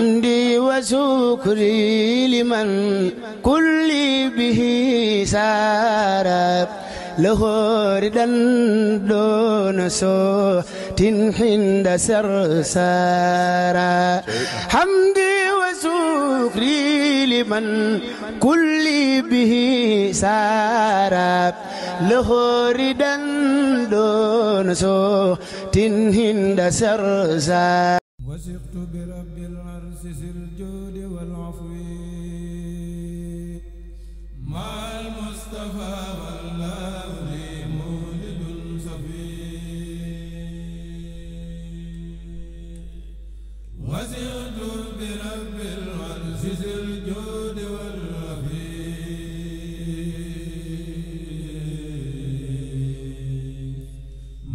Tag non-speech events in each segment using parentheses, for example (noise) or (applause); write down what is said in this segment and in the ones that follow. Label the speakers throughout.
Speaker 1: حمدي وشكري لمن كل به سارة له ردا دون صوت حند سرسارا حمدي وشكري لمن كل به سارة له ردا دون صوت حند سرسارا وثقت
Speaker 2: بربي برب العرش ذي الجود والرفيع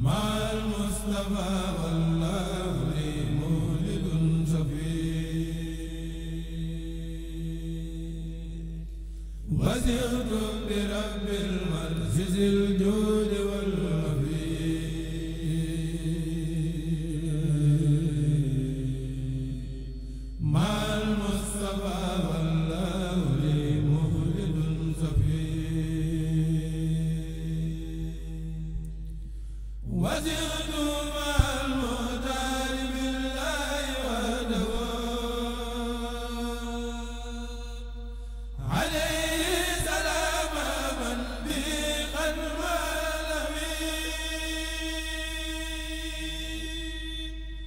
Speaker 2: مع المصطفى والله لي مولد شفيع وزغت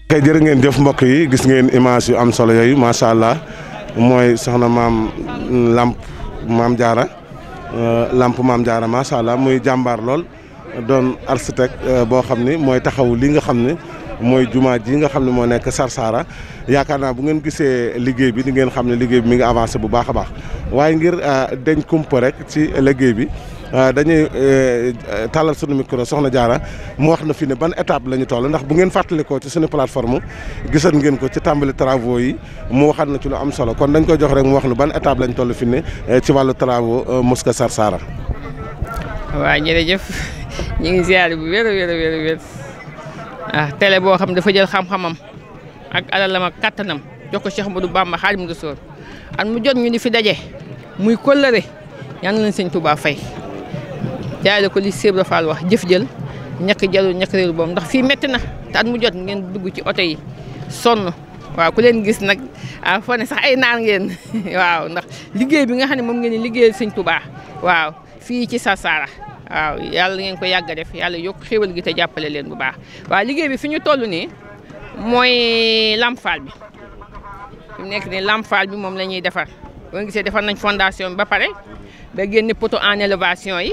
Speaker 3: kay jërë ngeen jëf mbokk yi gis ngeen image yu am solo yooyu macha allah mooy soxna maam lamp maam jaara euh, lamp maam jaara macha allah muy jàmbaar lool doon architecte euh, boo xam ni mooy taxaw lii nga xam ne mooy jumaa jii nga xam ne moo nekk sarsaara yaakaar naa bu ngeen gisee liggéey bi di ngeen xam ne liggéey bi mi ngi avancé bu baax a baax waaye ngir euh, dañ kumpa rek ci liggéey bi Euh, dañuy euh, tàllal sunu micro soxna jaara mu wax na fi ne ban étape la ñu toll ndax bu ngeen fàttalikoo ci suñu plateforme gisoon ngeen ko ci tàmbali travaux yi mu waxaat na ci lu am solo kon dañ koy jox rek mu wax nu ban étape lañ toll fi ne euh, ci wàllu travaux mosquée Sarsara.
Speaker 4: waaw jërëjëf ñu ngi ziare bu wér a wér a wér ah, boo xam dafa jël xam-xamam ak alalam ak kattanam jox ko Cheikh Ahmadou Bamba Xaadimu Rasuul at mu jot ñu di fi daje muy kóllëre yal na fay. jaay la ko li Sèye Ibra Fall wax jëf jël ñàkk jarul ñàkk reul bom ndax fi metti na taat mu jot ngeen dugg ci auto yi son waaw ku leen gis nak ah fone sax ay naan ngeen (laughs) waaw ndax liggey bi nga xamne mom ngeen di seigne Touba waaw fi ci Sarsara waaw yalla ngeen ko yagga def yalla yok xewal gi te jappale leen bu baax waaw liggey bi fiñu tollu ni moy lamfal bi fi nek ni lamfal bi mom la ñuy defar boo gisee defar nañ fondation bi ba pare ba génne poteau en élévation yi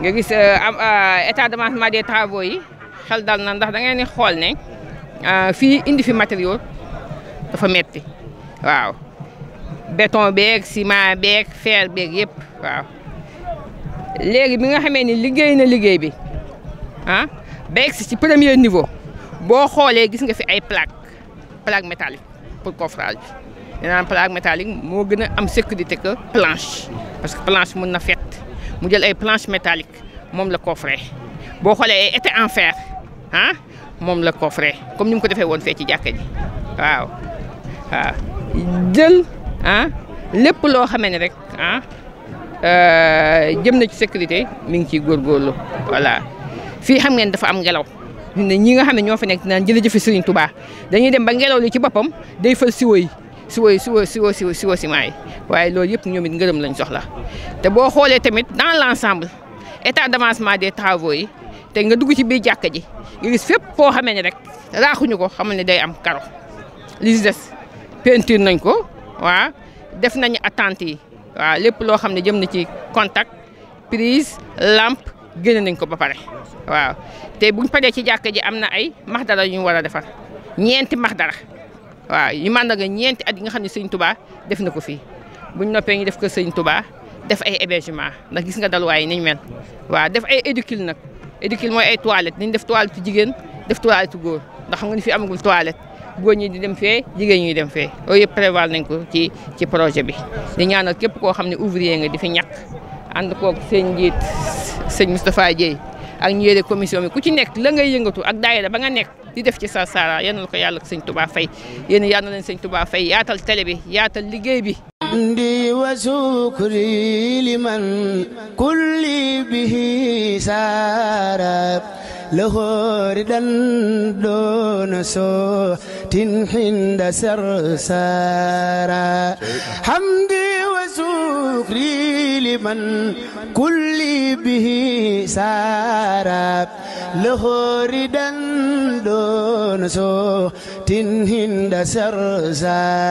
Speaker 4: nga gis euh, am euh, état d'avancement de travaux yi xel dal na ndax dangay ngeen xool ne euh, fii indi fi matériaux dafa metti waaw béton beeg ciment beeg fer beeg yëpp waaw léegi bi nga xamee ni liggéey na liggéey bi ah ba si ci premier niveau boo xoolee gis nga fi ay plaque plaque métallique pour coffrage bi. nee naa plaque métallique moo gën a am sécurité que planche parce que planche mun na fett. mu jël ay planches métalique moom la coffré boo xoolee ay été en fer ah moom la coffré comme ni mu ko defee woon fee ci jàkka ji waaw jël ah lépp loo xamee ne rek ah euh, jëm na ci sécurité mi ngi ciy góorgóorlu voilà fii xam ngeen dafa am ngelaw ne ñi nga xam ne ñoo fa nekk naan jërëjëf Serigne Touba dañuy dem ba ngelaw li ci boppam day fël siwo yi siwo siwo siwo si siwo ciment yi waaye loolu yëpp ñoom it ngërëm lañ soxla te boo xoolee tamit dans l'ensemble état d'avancement des travaux yi te nga dugg ci biir jàkka ji nga gis fépp foo xamee ne rek raaxuñu ko xamal ne day am karo li ci des peinture nañ ko waa def nañu attente yi waaw lépp loo xam ne jëm na ci contact prise lampe génne nañ ko ba pare waaw te buñ paree ci jàkk ji am na ay maxdara yu ñu war a defar ñeenti maxdara waaw yi màndarga ñeenti at yi nga xam ne sëñ Touba def na ko fii buñ noppee ñu def ko sëñ Touba def ay hébergement ndax gis nga dalwaay yi nañ mel waaw def ay éducule nag éducule mooy ay toilette nañ def toilette jigéen def toilette góor ndax xam nga ni fi amagul toilette góor ñi di dem fee jigéen ñi dem fee loolu yëpp prévoir nañ ko ci ci projet bi di ñaanal képp koo xam ne ouvrier nga di fi ñàkk ànd koog sëñ njiit sëñ Moustapha Dieye ak ñu yore commission bi ku ci nekk la ngay yëngatu ak daayira ba nga nekk di def ci Sarsara yal na ko yàlla ak sëñ Touba Faye yéen yal na leen sëñ Touba Faye yaatal télé bi yaatal liggéey bi.
Speaker 1: ndi wa sukri liman la xoori dan doona soo tin xinda Sarsara لمن كل به سارب له ردا دون سو تنهند سرزاب